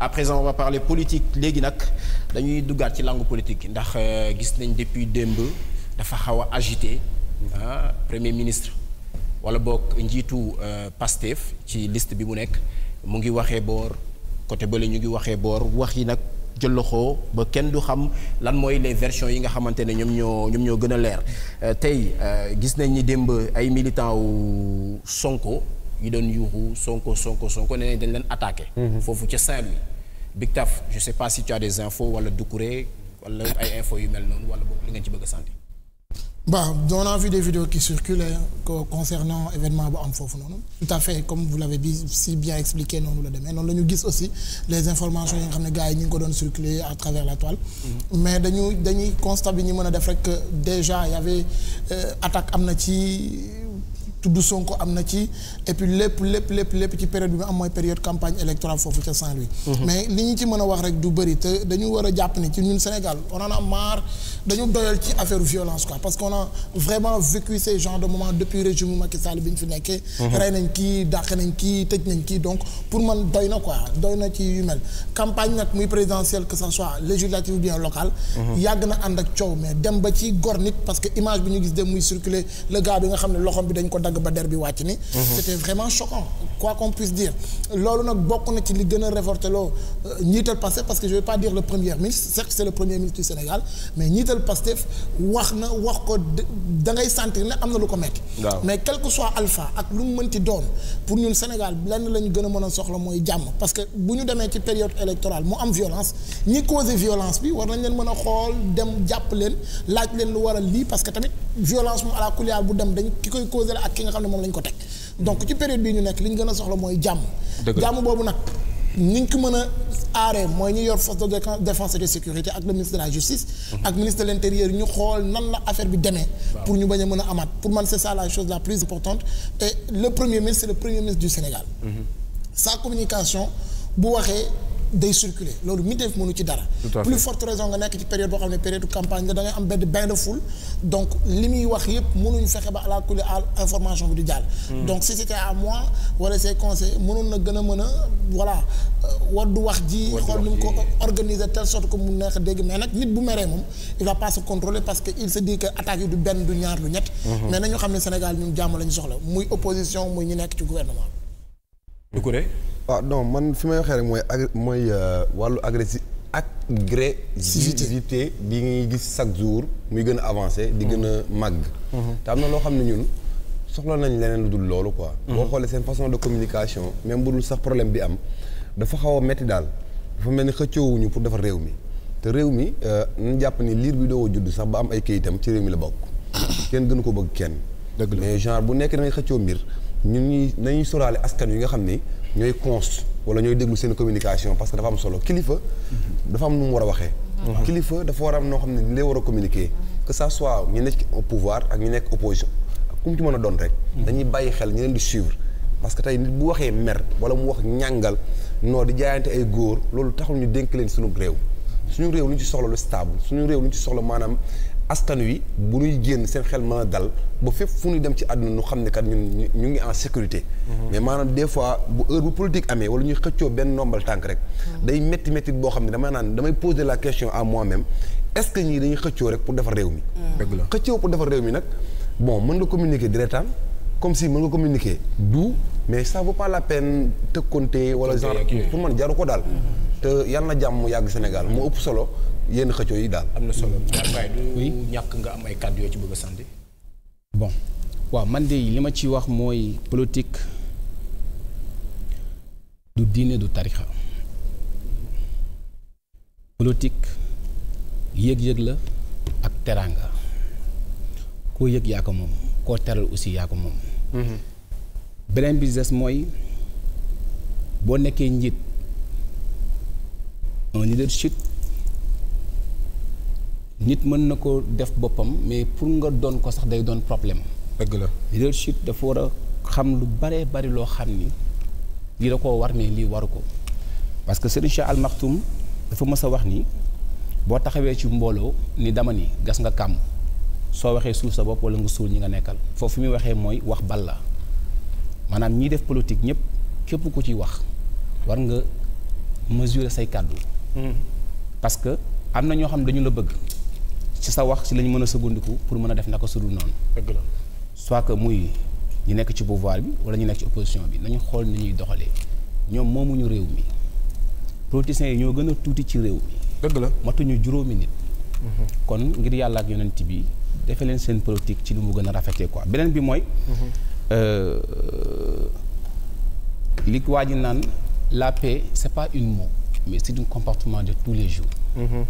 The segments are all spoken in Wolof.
à présent on va parler léegi nag dañuy duggaat ci langue politique ndax euh, gis nañ depuis démb dafa xaw a agité ah premier ministre wala boog njiitu euh, Pastef ci liste bi mu nekk mu ngi waxee boor côté bële ñu ngi waxee boor wax yi nag jëloxoo ba kenn du xam lan mooy les versions yi nga xamante ne ñoom ñoo ñoom ñoo gën a leer euh, tey gis nañ ni démb ay militants wu Sonko. ñu doon yuuxu sonko sonko sonko nee nañ dañ leen attaqué. Mhm. foofu ca Saint-Louis. Big Taf je sais pas si tu as des infos wala a a vu des vidéos am foofu noonu tout à fait comme vous l'avez dit bien expliqué noonu la demee noonu la gis aussi les informations yi nga xam ne gars ñu ngi doon circuler à travers la toile mhm. mais dañu dañuy constat bi ñu mën a def rek déjà y avait euh, attaque am na ci tudd Sonko am na ci et lépp lépp lépp lépp ci période bi mu am mooy période campagne électorale foofu ca saint mhm. mais li ñu ci mën a wax rek du bëri te dañu war a jàpp ni ci ñun Sénégal on en a dañu doyal ci affaire violence quoi parce qu'on a vraiment vécu ces genres de moments depuis régime Macky Sall bi ñu fi nekkee. Mhm. rey nañ kii dàq nañ kii tëj nañ kii donc pour man doy na quoi doy na ci yu mel campagne nag muy présidentielle que ça soit dagg ba der bi wàcc ni mhm. c'était vraiment choquant quoi qu'on puisse dire loolu nag bokk na ci li gën a révolté loo euh, parce que je vais pas dire le premier ministre certes c'est le premier ministre du Sénégal mais njiital Pastef wax na wax ko da ngay ne am na lu ko metti mais quel soit alpha ak lu mu mënti doon pour ñun Sénégal lenn la ñu a mën a soxla mooy jàmm parce bu ñu demee ci période électorale mu am violence ñi causer violence a xool dem jàpp violence moom ala bu dem dañ ki koy causé ak ki nga xam ne moom lañ ko teg donc ci période bii ñu nekk li gën a soxla mooy jàmm jàmm boobu nag niñ ko mën a aaree mooy ñu yor force de défense de sécurité ak le ministre de la justice mhm. ak ministre de l'intérieur ñu xool nan la affaire bi demee pour ñu bañ a mën a amaat pour man c'est ça la chose la plus importante et le premier ministre c'est le premier ministre du Sénégal mhm. sa communication bu waxee day circuler loolu mi def mënu ci dara. plus forte raison nga nekk ci période boo xam ne période campagne nga da ngay am benn bain donc li muy wax yëpp mënuñu fexe a ala kulli information bi du jàll. Hmm. donc si c'était à moi wala ses conseils mënoon na gën a mën a voilà euh, waddu wax ji. xool nu mu ko organiser telle sorte que mu neex dégg mais nag nit bu meree moom il va pas se parce que il se dit que attaques yi du benn du ñaar du ñett. Hmm. mais nañu xam ne Sénégal ñun jàmm lañu soxla muy opposition muy ñu nekk waaw non man fi may waxee rek mooy agri mooy euh, wàllu agressi agressivité bi ngay gis chaque jour muy gën a avancé di gën a màgg mm-hmm. te am na loo xam ne ñun soxla nañ leneen lu dul loolu quoi mm-hmm. boo xoolee seen façon de communication même bu dul sax problème bi am dafa xaw a metti daal dafa mel ni xëccoowuñu pour defar réew mi te réew mi nañ euh, jàpp ni liir bi doo judd sax ba am ay kayitam ci réew mi la bokk kenn gënu ko bëgg kenn mais genre bu nekk da ngay xëccoo mbir ñun ñuy nañuy soraale askan yi nga xam ni ñooy cons wala ñooy déglu seen communication parce que dafa am solo kilifa. dafa am nu mu war a waxee. Mhm. kilifa dafa war am noo xam ne ni lay war a communiquer que ça soit ñu nekk au pouvoir ak ñu nekk opposition ak ci mën a doon rek. Mhm. dañuy bàyyi xel ñu leen di suivre. parce que tey nit bu waxee mer wala mu wax ñàngal noo di jaayante ay góor loolu taxul ñu dénk leen suñu réew. suñu réew lu ñu ci soxla lu stable suñu réew lu ñu ci soxla maanaam askan wi bu ñuy génn seen xel mën a dal ba fépp fu ñuy dem ci àdduna ñu xam ne kat ñun ñu ngi en sécurité. Mhm. mais maanaam des fois bu heure bu politique amee wala ñuy xëccoo benn nombal tànk rek. Mhm. day métti métti boo xam ne damay naan damay poser la question à moi-même est-ce que ñii dañuy xëccoo rek pour defar réew mi. Mhm. dëgg la xëccoo pour defar réew mi nag bon mën nga communiquer directement comme si mën nga communiquer du mais ça vaut pas la peine tëkkonte wala genre pour man jaru ko daal. te yal na jàmm yàgg Sénégal moo ëpp solo. yenn xëccoo yi daal. am na solo du ñàkk nga am ay kàddu yoo ci bëgg a sant. bon man de li ma ci wax mooy politique du diine du tarixa politique yëg-yëg la ak teraanga koo yëg yaa ko moom koo teral aussi yaa ko moom. Mhm. beneen bi mooy boo nekkee njiit un nit mën na ko def boppam mais pour nga doon ko sax day doon problème. dëgg la leadership dafa war a xam lu baree bari loo xam ni lii da koo war mais lii waru ko parce que Serigne Cheikh Al Maktoum dafa mës a wax ni boo taxawee ci mbooloo ni dama ni gas nga kàmm soo waxee suuf sa bopp wala nga suul ñi nga nekkal foofu muy waxee mooy wax bal la maanaam ñiy def politique ñëpp képp ko ci wax war nga mesurer say kàddu. Hmm. parce que am na ñoo xam ne dañu la bëgg. ci sa wax ci lañ mën a sëggundiku pour mën a def naka sudul noonu. dëgg la soit que muy ñu nekk ci pouvoir bi wala ñu nekk ci opposition bi nañu xool ni ñuy doxalee ñoom moomuñu réew mi politiciens yi ñoo gën a tuuti ci réew mi. dëgg la matuñu juróomi nit. Mhm. kon ngir yàlla ak yonent bi defe leen seen politique ci li mu gën a rafetee quoi beneen bi mooy. Mhm. Euh, li waa ji naan la paix c'est pas une mot mais c'est un comportement de tous les jours. Mhm.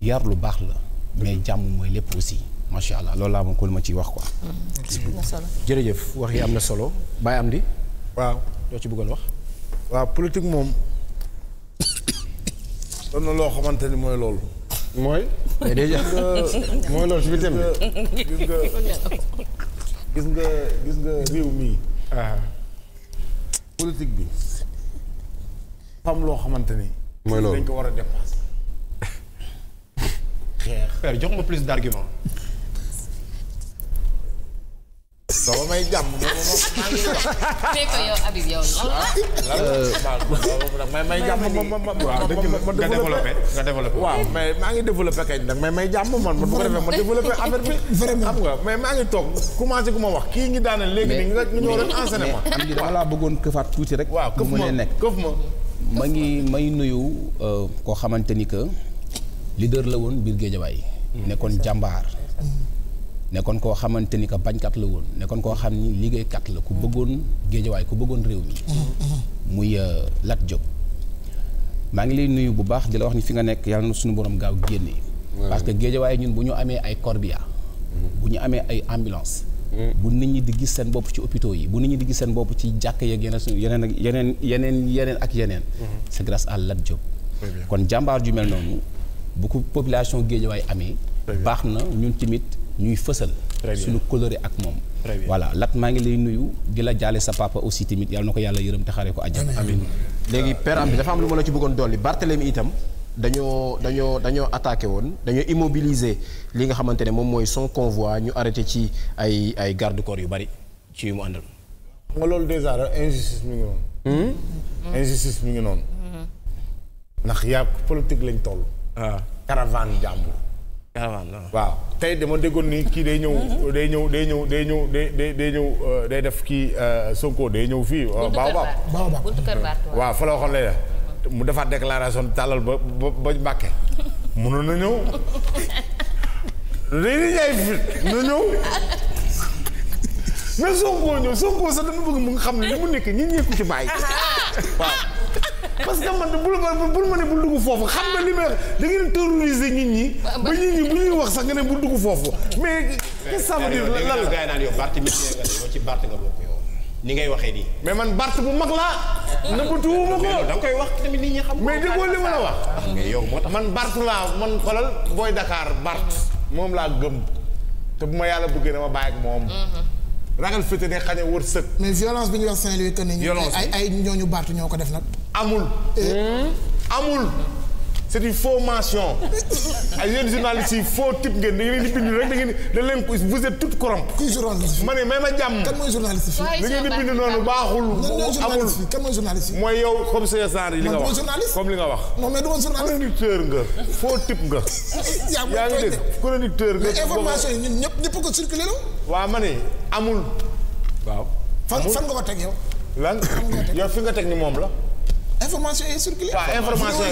yar lu baax la mais jàmm mooy lépp aussi macha allah loolu laa moom ku ma ciy wax quoi. jërëjëf wax yi am na solo Baye Amdi. waaw doo ci bëggoon wax. waaw politik moom. doon na loo xamante ni mooy loolu. mooy. bi tamit. nga gis nga gis nga réew ah. bi. fam loo xamante ni. mooy loolu dañ ko war a dépassé. xeex. père jox ma plus d' argument. dama may jàmm moom euh, moom. may jàmm moom moom moom. waaw dëgg la nga développé nga développé. waaw mais maa ngi développé kañ nag mais may jàmm man man bu ko defee ma développé affaire bi. nga mais maa ngi toog commencé ku ma wax kii ngi daaneel léegi nii nga ñëw rek enseigné ma. am ji dama laa bëggoon këfaat tuuti rek. waaw këf ma ma ngi may nuyu euh, koo xamante ni leader la woon biir géejawaay mm. nekkoon jàmbaar mm. nekkoon koo xamante ni que bañkat la woon nekkoon koo xam ni liggéeykat la ku mm. bëggoon géejawaay ku bëggoon réew mi muy euh, Lat Diop maa ngi lay nuyu bu baax di la wax ni fi nga nekk yàlla na suñu borom gaaw génne parce que géejawaay ñun bu ñu amee ay corbia bu ñu amee ay ambulance bu nit ñi di gis seen bopp ci opito yi bu nit ñi di gis seen bopp ci jàkk yeeg yeneen ak yeneen yeneen yeneen ak yeneen mm-hmm. c'est grâce bu ko population Guédiawaye amee baax na ñun tamit ñuy fësal suñu coloré ak moom voilà lat maa ngi lay nuyu di a jaale sa papa aussi tamit yàlla na ko yàlla yërëm te xaree ko àjjana amiin léegi père am bi dafa am lu ma la ci bëggoon dolli Barthélemy itam dañoo dañoo dañoo woon dañoo immobiliser li nga xamante ne moom mooy son convoi ñu arrêté ci ay ay garde corps yu bari ci yu mu àndal nga loolu déjà injustice mi ngi noonu hmm? injustice mi ngi noonu hmm. ndax yaa politique lañ toll Ah. caravane jàmbur. Ah. waaw tey dama déggoon ni kii mhm. day ñëw day ñëw day ñëw day day day euh, def kii euh, Sonko day ñëw fii. Euh, Baobab Baobab waaw fa la mu defaat déclaration tàllal ba ba ba Mbàkke mënoon na ñëw. léegi ñaay fit na ñëw mais Sonko ñëw Sonko sax dama bëgg mu nga xam ne li mu nekk ñi ñee ko ci bàyyi parce que man bul ma bul ma ne bul dugg foofu xam nga li may wax da ngeen nit ñi. ba nit ñi bu ñuy wax sax nga ne bul dugg foofu mais. qu'est-ce que ça veut dire lan la gars yi naan yow Bart nga yow ci Bart nga ni mais man Bart bu mag laa. nëbbatuwuma ko da nga koy wax tamit nit ñi xam. mais déggoo li ma la wax. Ah, mais yow moo tax man Bart laa man xolal booy Dakar Bart moom laa gëm te bu ma yàlla bëggee dama bàyyi ak moom. Mm-hmm. ragal féete day xañ a wërsëg. mais violence bi ñu wax Saint-Louis que ne ñu. ay ay ñooñu baatu ñoo ko def nag. amul. Eh. Hmm? amul. c'est une fausse mention ay yéen journalistes yi faux type ngeen da ngeen di bind rek da ngeen da leen vous êtes tout corrompu. kuy journaliste ma ne may ma jàmm. kan mooy journaliste fii. da ngeen di bind noonu baaxul. amul kan mooy journaliste fii. mooy yow comme ces genre yi li nga wax comme li nga wax. non mais du ma journaliste. chroniqueur nga faux type nga. yaa ngi dégg chroniqueur nga. mais information yi ñun ñëpp ñëpp ko circulé la. waaw ma ne amul. waaw. fan fan nga ko teg yow. lan yow fi nga teg ni moom la. information yi circulé. waaw information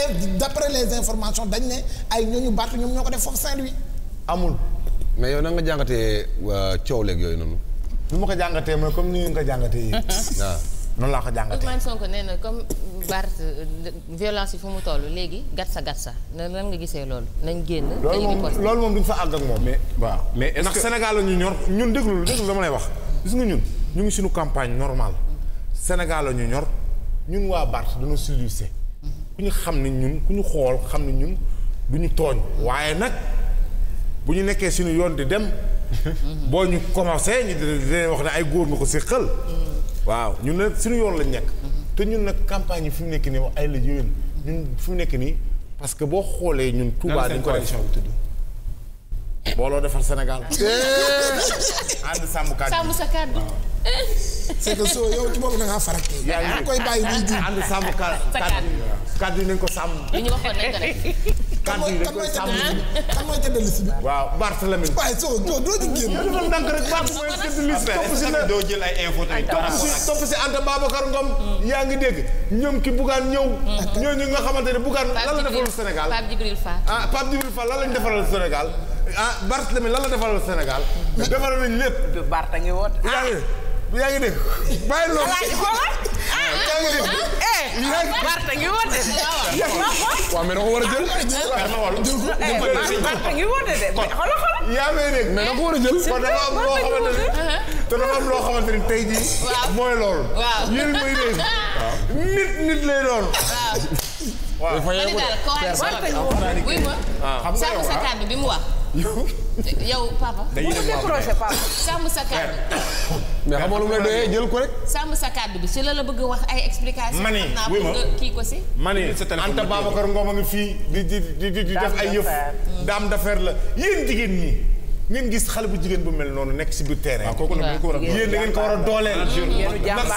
yi information dañ ay ñooñu battu ñoom ko def foofu amul. mais yow na nga jàngatee euh, coow leeg yooyu noonu. nu ma ko jàngatee mooy comme ni nga ko jàngatee yéen. waaw noonu laa ko jàngatee. Ousmane Sonko nee na comme Bart violence yi fu mu toll léegi gatsa gatsa nan lan nga gisee loolu. nañ génn dañu loolu moom duñ fa àgg ak moom. mais waaw mais est Sénégal la ñor ñun déglu déglu dama lay wax. gis nga ñun ñu ngi suñu campagne normale. Sénégal ñu ñor ñun waa Barth dañoo silusé ku ñu xam ne ñun ku ñu xool xam ne ñun du ñu tooñ waaye nag bu ñu nekkee suñu yoon di dem boo ñu commencé ñu wax ne ay góor na ko si waaw ñun nag suñu yoon lañ nekk te ñun nag campagne yi fi ñu nekk nii wax ay la yéwén ñun fu mu nekk nii parce que boo xoolee ñun Touba dañ ko coalition bi tudd booloo defar Sénégal eh. ànd sàmm kàddu sàmm sa c'est que soo yow ci boobu da ngaa faral kii. yaa ngi koy bàyyi muy jiw. ànd sàmm kàddu yi nañ ko sàmm. li ñu waxoon nañ ko de. kàddu yi nañ ko sàmm kan mooy tëdd liste bi. waaw Barthélemy. waaye soo doo doo ci génn. yow dafa ndànk rek Barth mooy tëdd liste. topp si la doo jël ay info tamit. topp si Anta Babacar Ngom. yaa ngi dégg ñoom ki Bougane ñëw. ñooñu nga xamante ne Bougane lan la defalul Sénégal. Pape Djibril Fall ah Pape Djibril Fall lan lañ defaral Sénégal ah Barthélemy lan la defalal Sénégal. defaral nañ lépp. Barth a ngi woote. yaa ngi dégg bàyyi loolu. alaaji xoolal. yaa ngi dégg. Barta ngi woote. waaw mais da ko war a jël. Barta ngi woote de. xoolal xoolal. yaa may dégg. mais da ko war a jël. kon dafa am loo xamante ni te dafa am loo xamante ni tey jii. mooy loolu. waaw yéen mooy dégg. nit nit lay doon. waaw. waaw man daal koo xam ne. oui ma. xam nga yow sa ah. kàddu bi mu wax. yow papa. dañuy décroché papa. sàmm sa kàddu. lu mu la jël ko rek. sàmm sa kàddu bi si la la bëgg wax ay explication mani wuy ma kii ko si. mani Anta Babacar Ngom a ngi fii di di di di def ay yëf. daam d'affaire la yéen jigéen ñi. ngeen gis xale bu jigéen bu mel noonu nekk si biir terrain. waaw ah, kooku nag ko war a yéen da a dooleel. ndax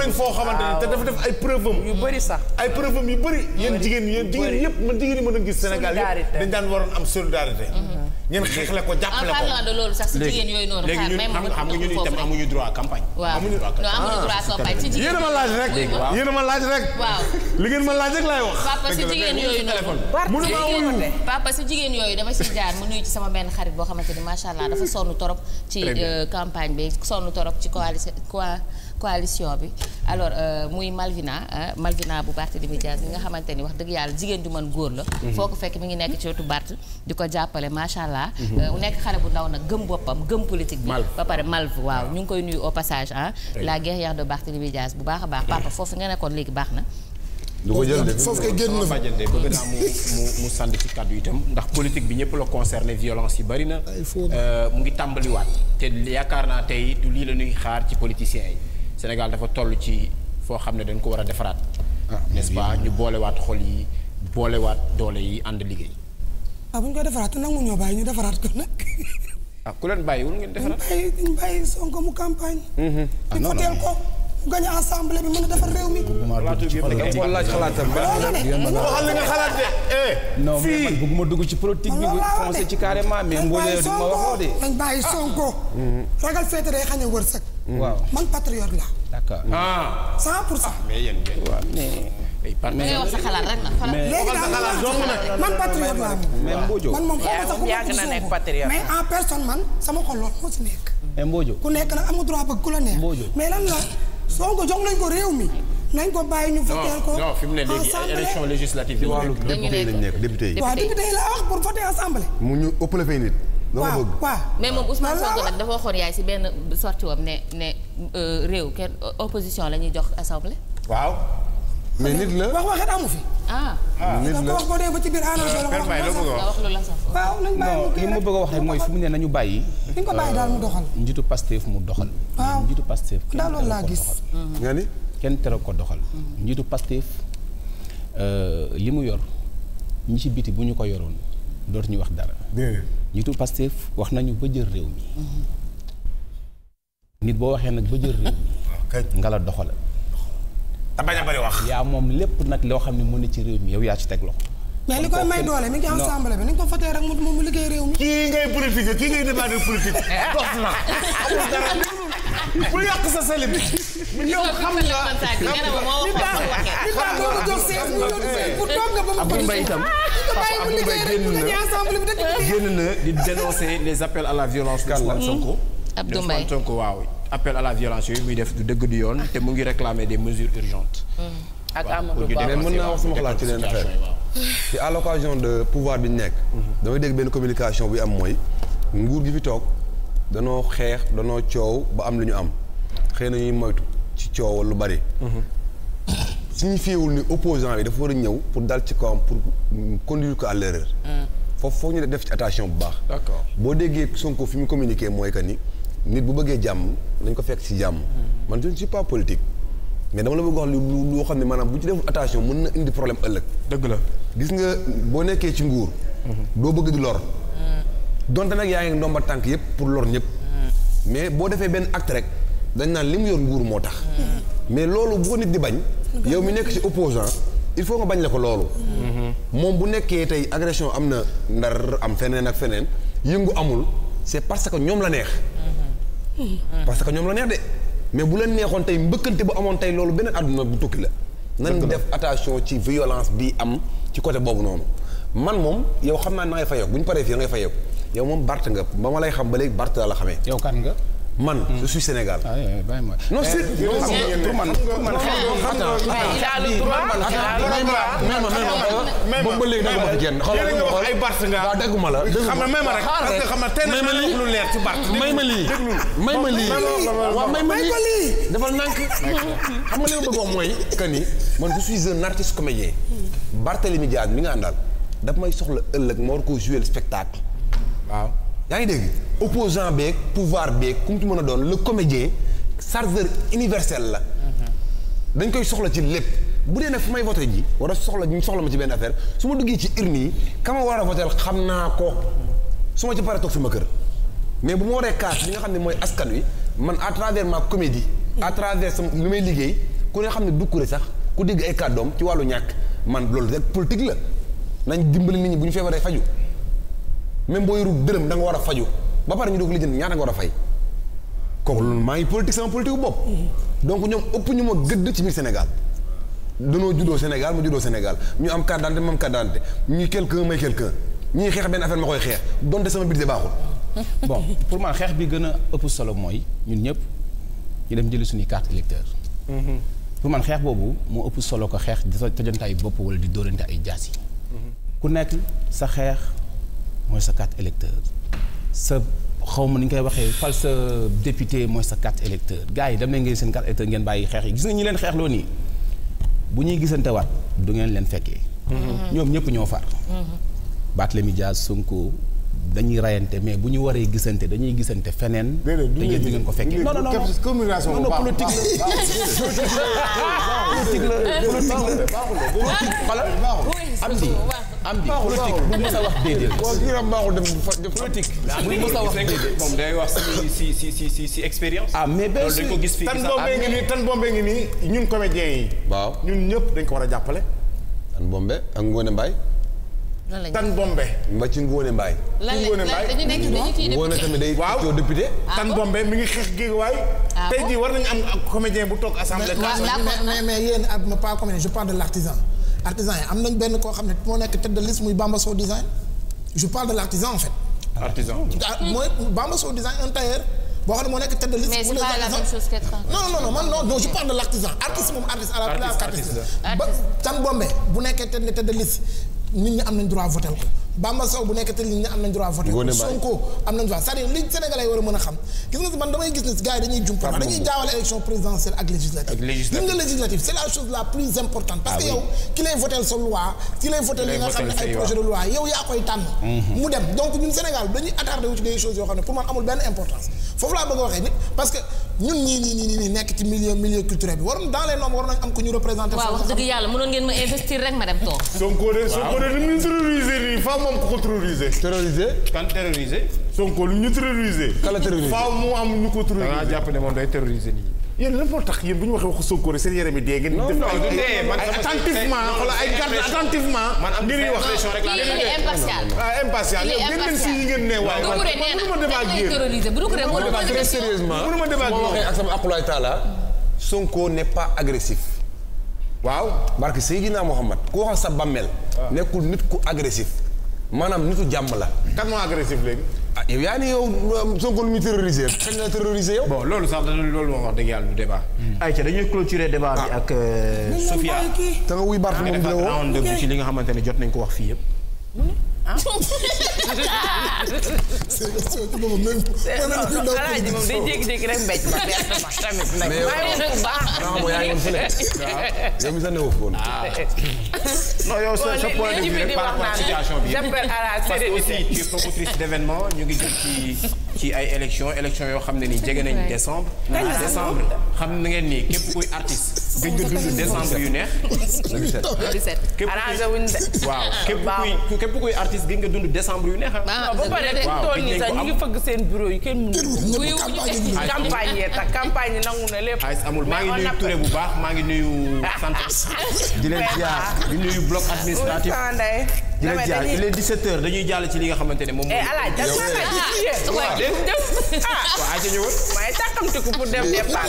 nañ foo xamante ne te dafa def ay preuve bëri sax ay preuve yu bëri. yéen jigéen yéen jigéen yëpp man jigéen yi mën a gis Sénégal yëpp dañ daan waroon am solidarité mhm. ñoom xeex la ko jàppale ko en loolu sax si jigéen yooyu noonu. xaar même mu xam nga ñun itam amuñu droit campagne. amuñu droit amuñu ah, droit campagne si jigéen yéen a ma laaj rek. yéen a ma laaj ma laaj rek laay wax. papa si jigéen yooyu papa si jigéen yooyu dama si jaar mu nuyu ci sama benn xarit boo xamante ni macha allah dafa sonn torop ci euh, campagne bi sonn torop ci coalition coalition bi alors euh, muy Malvina Malvina bu Barthélémy Dias mi nga xamante ni wax dëgg yàlla jigéen ju mën góor la mhm. foo ko fekk mi ngi nekk ci wetu Bart di ko jàppale macha allah. Mhm. Euh, mu nekk xale bu ndaw na gëm boppam gëm politique bi ba pare Malv waaw ñu ngi koy nuyu au passage ah la guerrière de Barthélémy Dias bu baax a baax papa mhm. foofu nga nekkoon léegi baax na du ko jël de foofu kay génn na fa bëgg naa mu mu mu sànd ci kàddu itam ndax politique bi ñëpp la concerné violence yi bari na euh, mu ngi tàmbaliwaat te yaakaar naa tey du lii la ñuy xaar ci politiciens yi Sénégal dafa toll ci foo xam ne dañ ko war a defaraat. Ah, n'est-ce ñu boolewaat xol yi boolewaat doole yi ànd liggéey. ah bu ñu ko defaraat nangu ñoo bàyyi ñu defaraat ko nag. Ah, ku leen bàyyiwul ngeen defaraat. ñu bàyyi Sonko campagne. Mm-hmm. ah non non ñu ko mu gañ assemblée bi mën a defar réew mi. bugguma laaj eh, dugg ci politique bi. ci carrément mais mbooloo di ma waxoo de. dañ bàyyi Sonko. Mm-hmm. ragal féete day xañ a Mm. waaw man patriote la. d'accord ah. 100 pour cent. Ah, mais yéen waaw sa xalaat rek mais en personne man sama xol lool moo si nekk. ku nekk nag am nga droit bëgg ku la neex. mais lan la soo ko jox nañ ko réew mi. nañ ko bàyyi ñu voter ko. non fi mu ne léegi élection législative. dañu nekk député yi député yi la wax pour voter assemblée. mu ñu ëppale fay nit. waaw waaw mais moom si benn sortie wam ne ne euh, réew kenn la ñuy jox assemblée. waaw. mais la wax waxet ah. ah, ci eh, li ma bëgg wax rek mooy fi mu ne nañu bàyyi. fi ñu ko bàyyi mu doxal. Euh, njiitu Pastef mu doxal. njiitu Pastef. laa gis mm-hmm. mm-hmm. kenn tere ko doxal. Mm-hmm. njiitu Pastef euh, li mu yor ñi ci biti bu ñu ko yoroon dootuñu wax dara. ñitu Pastef wax nañu ba jël réew mi. Mm-hmm. nit boo waxee nag ba jël réew mi. Ah, nga la doxal. te bañ a bari wax. yaa moom lépp nag loo xam ne mën na ci réew mi yow yaa ci teg loo mais li koy may doole mi ngi assemblée bi nañ ko fotee rek mu mu liggéey réew mi. kii ngay politique kii ngay débat de politique. dox na amul bu yàq sa salim. yow xam nga li baax li baax doo ko jox 16 millions de francs pour toog nga ba mu ko di jox. Ah, Abou Mbaye génn na génn na di dénoncer les appels à la violence. Ousmane Sonko Abdou Mbaye Ousmane Sonko waaw appel à la violence yooyu muy def du dëgg du yoon te mu ngi réclamer des mesures urgentes. Hmm. ak Amadou Ba mais mën naa wax sama xalaat ci leen affaire te à l'occasion de pouvoir bi ñu nekk. damay dégg benn communication bi am mooy nguur gi fi toog. danoo xeex danoo coow ba am lu ñu am xëy na ñuy moytu ci coowal lu bari. Mhm. signifiewul ni opposant bi dafa war a ñëw pour dal ci kawam pour conduire ko à l'erreur mhm. foofu foog ñu def ci attention bu baax. d'accord boo déggee Sonko fi mu communiqué mooy que ni nit bu bëggee jàmm nañ ko fekk ci jàmm. Mhm. man je ne suis pas politique. mais dama la bëgg wax lu loo xam ne maanaam bu ci def attention mën na indi problème ëllëg. dëgg la gis nga boo nekkee ci nguur. doo bëgg di lor. donte nag yaa ngi ndomba tànk yëpp pour lor ñëpp mais boo defee benn acte rek dañ naan li mu yor nguur moo tax mais loolu bu ko nit di bañ yow mi nekk si opposant il faut nga bañ la ko loolu moom bu nekkee tey agression am na ndar am feneen ak feneen yëngu amul c'est parce que ñoom la neex parce que ñoom la neex de mais bu leen neexoon tey mbëkkante bu amoon tey loolu beneen àdduna bu tukki la nan def attention ci violence bi am ci côté boobu noonu man moom yow xam naa na ngay fayeeku bu ñu paree fii na ngay yow moom barte nga ba ma lay xam ba léegi Bart daal la xamee. man hmm. je Sénégal. may ma na ma lii may ma lii waaw may ma lii dafa nànk xam nga li ma bëgg mooy que ni man je suis un artiste comédien Barthélémy Diaz mi nga àndal daf may soxla ëllëg ma war koo jouer spectacle waaw yaa ngi dégg opposant beeg pouvoir beeg ku mu ci mën a doon le comédien chargeur universel la mm-hmm. dañ koy soxla ci lépp bu dee nag fu may vote ji wala soxla ñu soxla ma ci benn affaire su ma duggee ci urne yi kama war a votel xam naa ko mm-hmm. su ma ci paree toog sama kër mais bu ma waree kaas li nga xam ne mooy askan wi man à travers ma comédie à mm-hmm. travers sama li may liggéey ku ne xam ne dukkure sax ku dégg ay kàddoom ci wàllu ñàkk man loolu rek politique la nañ dimbali nit ñi bu ñu feebaree faju même boo yorul dërëm da war a faju ba pare ñu doog li jënd ñaata nga war a fay kooku loolu maa ngi politique sama politique bu bopp donc ñoom ëpp ñu ma gëdd ci biir Sénégal danoo juddoo Sénégal ma juddoo Sénégal ñu am carte d'identité ma am ñu d'identité ñuy quelqu'un may quelqu'un ñuy xeex benn affaire ma koy xeex donte sama budget baaxul bon pour man xeex bi gën a ëpp solo mooy ñun ñëpp ñu dem jëli suñuy carte électeur mhm. pour man xeex boobu moo ëpp solo ko xeex di tojante ay bopp wala di dóorante ay jaas mhm. ku nekk sa xeex mooy sa carte électeur sa xaw ma ni ñu koy waxee fal sa député mooy sa carte électeur gars yi dem nañ ngeen seen carte électeur ngeen bàyyi xeex yi gis nga ñi leen xeexloo nii bu ñuy gisantewaat du ngeen leen fekkee. Mm-hmm. ñoom ñëpp ñoo far. Mm-hmm. Barthélémy Dias Sonko dañuy rayante mais bu ñu waree gisante dañuy gisante feneen. déedéet du ngeen ko fekkee non non non communication non am bi politique a wax déedéet. politique. bu mës a wax moom day wax si si si si si expérience. ah mais ko gis fii tan bombee ngi nii tan bombee ngi nii ñun comédien yi. waaw ñun ñëpp dañ ko war a jàppale. tan bombee ak Ngone Mbaye. tan bombe mba ci Ngone mbaay lan lañ dañu tamit day. waaw député ah tan bombe mi ngi xeex géej waay. Ah tey jii war nañu am comédien bu toog assemblée. mais mais mais yéen ah, pas comédien je parle de l'artisan artisans yi am nañ benn koo xam ne moo nekk tête de liste muy Bamba Sow design je parle de l' artisan artisan mooy Bamba Sow design un boo xam ne moo nekk tête de liste. mais c'est pas la même je parle de l' artisan. moom artiste à bu nekkee tête nit ñi am nañ droit votel ko. Bamba Sow bu nekkati li ñu am nañ droit voté Sonko am nañ droit c'est-à-dire li Sénégalais war a mën a xam gis nga si man damay gis ne gars yi dañuy jump dañuy jaawale élection présidentielle ak législative li nga législative c'est la chose la plus importante parce ah que yow ki lay voté sa loi ki lay voté li nga xam ne ay projet de loi yow yaa koy tànn mhm. mu dem donc ñun Sénégal dañuy attardé wu ci yoo xam ne pour man amul benn importance ñun ñii nii nii nii nekk ci milieu milieu culturel bi waroon dans les normes war nañ am ku ñu représenté. waaw wax dëgg yàlla mënoon ngeen ma investir rek ma dem toog. Sonko de Sonko de ni ñu terrorisé nii faaw mu am ku ko terrorisé. terrorisé. kan terrorisé. Sonko ni mu ñu terrorisé. kala terrorisé faaw mu am ñu ko terrorisé. jàpp ne moom day terrorisé nii. yéen lan moo tax yéen bu ñu waxee waxu Sonko rek seen yaram yi dee ngeen. non non du dee man attentivement wala ay garde attentivement. man am na impression rek laa leen di impartial. ah impartial yow ngeen ngeen si yi ngeen ne waaye. man mënuma débat ak yéen mënuma débat très sérieusement mënuma débat ak yéen. su ma waxee ak sama akulaay taala Sonko n'est pas agressif. waaw barke Seydina Mohamed ku waxal sa bàmmeel. Ah. nekkul nit ku agressif maanaam nitu jàmm la. kan moo agressif léegi. yow yaa ni yow um, Sonko lu muy terrorisé xëy na terrorisé yow. bon loolu sax danañ loolu wax dëgg yàlla du débat. Hmm. ayca dañuy clôturer débat bi ah. ak. Euh, Sofia te nga wuy Barth moom di la woo. li nga xamante ne jot nañ ko wax fii yëpp. ah. Alaaji moom day jékki-jékki rek mbéj ma bett ma tamit nag. maa ngi leen baax. non mooy yaa ngi fu ne. yow mi sa néew fóon. non yow sa sa point de vue rek par rapport situation bi. parce que aussi tu es promotrice d'événement ñu ngi jëm ci. ci ay élection élection yoo xam ne ni jege nañ décembre décembre xam na ngeen ni képp kuy artiste gëj nga dund décembre yu neex képp waaw képp kuy képp kuy artiste gëj nga dund décembre yu neex waaw ba pare toog ñi sax ñu ngi fëgg seen bureau yi kenn mënu campagne yee tax campagne yi nangu na lépp amul maa ngi nuyu Touré bu baax maa ngi nuyu sant di leen ziar di nuyu bloc administratif eh. di leen jàll il est 17h dañuy jàll ci li nga xamante ne moom. mooy eh, yow eh, ah. pour dem départ.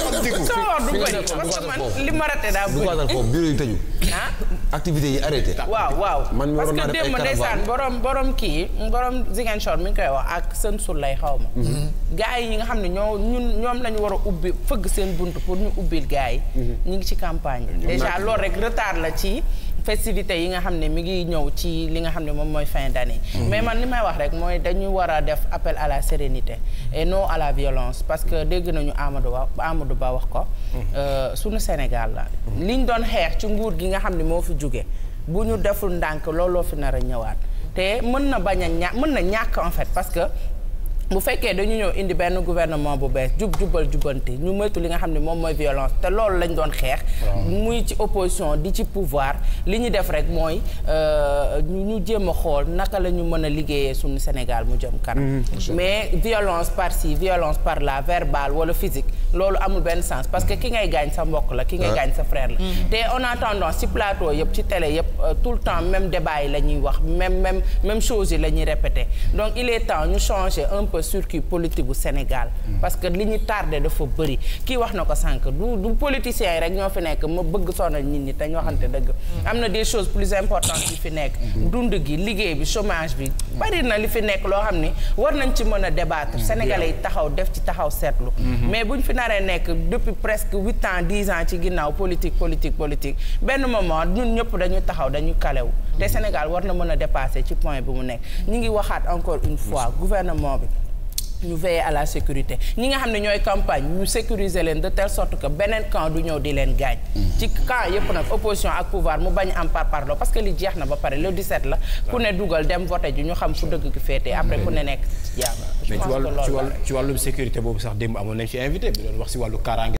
li ma raté daa bëri. bureau yi tëju. Ah. activité yi arrêté. waaw waaw man parce que démb ndeysaan borom borom kii borom Ziguinchor mi ngi koy wax ak sën sul lay xaw ma. Mhm. gars yi nga xam ne ñoo ñun ñoom la ñu war a ubbi fëgg seen bunt pour ñu ubbil gars yi. Mhm. ñu ngi ci campagne bi. déjà loolu rek retard la ci. festivités yi nga xam ne mi ngi ñëw ci li nga xam ne moom mooy fin d'année. Mm-hmm. mais man li may wax rek mooy dañu war a def appel à la sérénité et non à la violence parce que dégg nañu Amadou Ba Amadou Ba wax ko. Mm-hmm. Euh, sunu Sénégal la. Mm-hmm. liñ doon xeex ci nguur gi nga xam ne moo fi jóge bu ñu deful ndànk looloo fi nar a ñëwaat te mën na bañ a ña mën na ñàkk en fait parce que. bu fekkee dañu ñëw indi benn gouvernement bu bees jub jubal jubanti ñu moytu li nga xam ne moom mooy violence te loolu lañ doon xeex. muy ci opposition di ci pouvoir li ñu def rek mooy euh, ñu jéem a xool naka la ñu mën a liggéeyee suñu Sénégal mu jëm kanam mm-hmm. mais violence par ci violence par là verbale wala physique loolu amul benn sens parce que ki ngay gaañ sa mbokk la ki ngay gaañ sa frère la mm-hmm. te on a ci plateau yëpp ci télé yëpp euh, tout le temps même débat yi la ñuy wax même même même chose yi la ñuy répété donc il est temps ñu changer un peu circuit politique bu Sénégal mm. parce que li ñu tarde dafa bëri kii wax na ko sànq du du politiciens yi rek ñoo fi nekk ma bëgg sonal nit ñi te ñu waxante dëgg am na des choses plus importantes yu fi nekk. Mhm. dund gi liggéey bi chômage bi. bari na li fi nekk loo xam ni war nañ ci mën a débattre. Mhm. Sénégalais yi taxaw def ci taxaw seetlu. Mhm. mais bu ñu fi naree nekk depuis presque huit ans dix ans ci ginnaw politique politique politique benn moment ñun ñëpp dañu taxaw dañu kalew te Sénégal war na mën a dépasser ci point bi mu nekk ñu ngi waxaat encore une fois gouvernement bi. ñu veiller à la sécurité ñi nga xam ne ñooy campagne ñu sécuriser leen de tell sort que beneen camp du ñëw di leen gaañ. ci camp yëpp nag opposition ak pouvoir mu bañ am par parlo parce que li jeex na ba pare le 17 la. ku ne dugal dem voté ji ñu xam fu dëgg gi féetee après ku ne nekk jàmm. je pense que loolu mais ci wàllu ci wàllu sécurité boobu sax démb amoon nañ ci invité bi doon wax si wàllu kaaraange.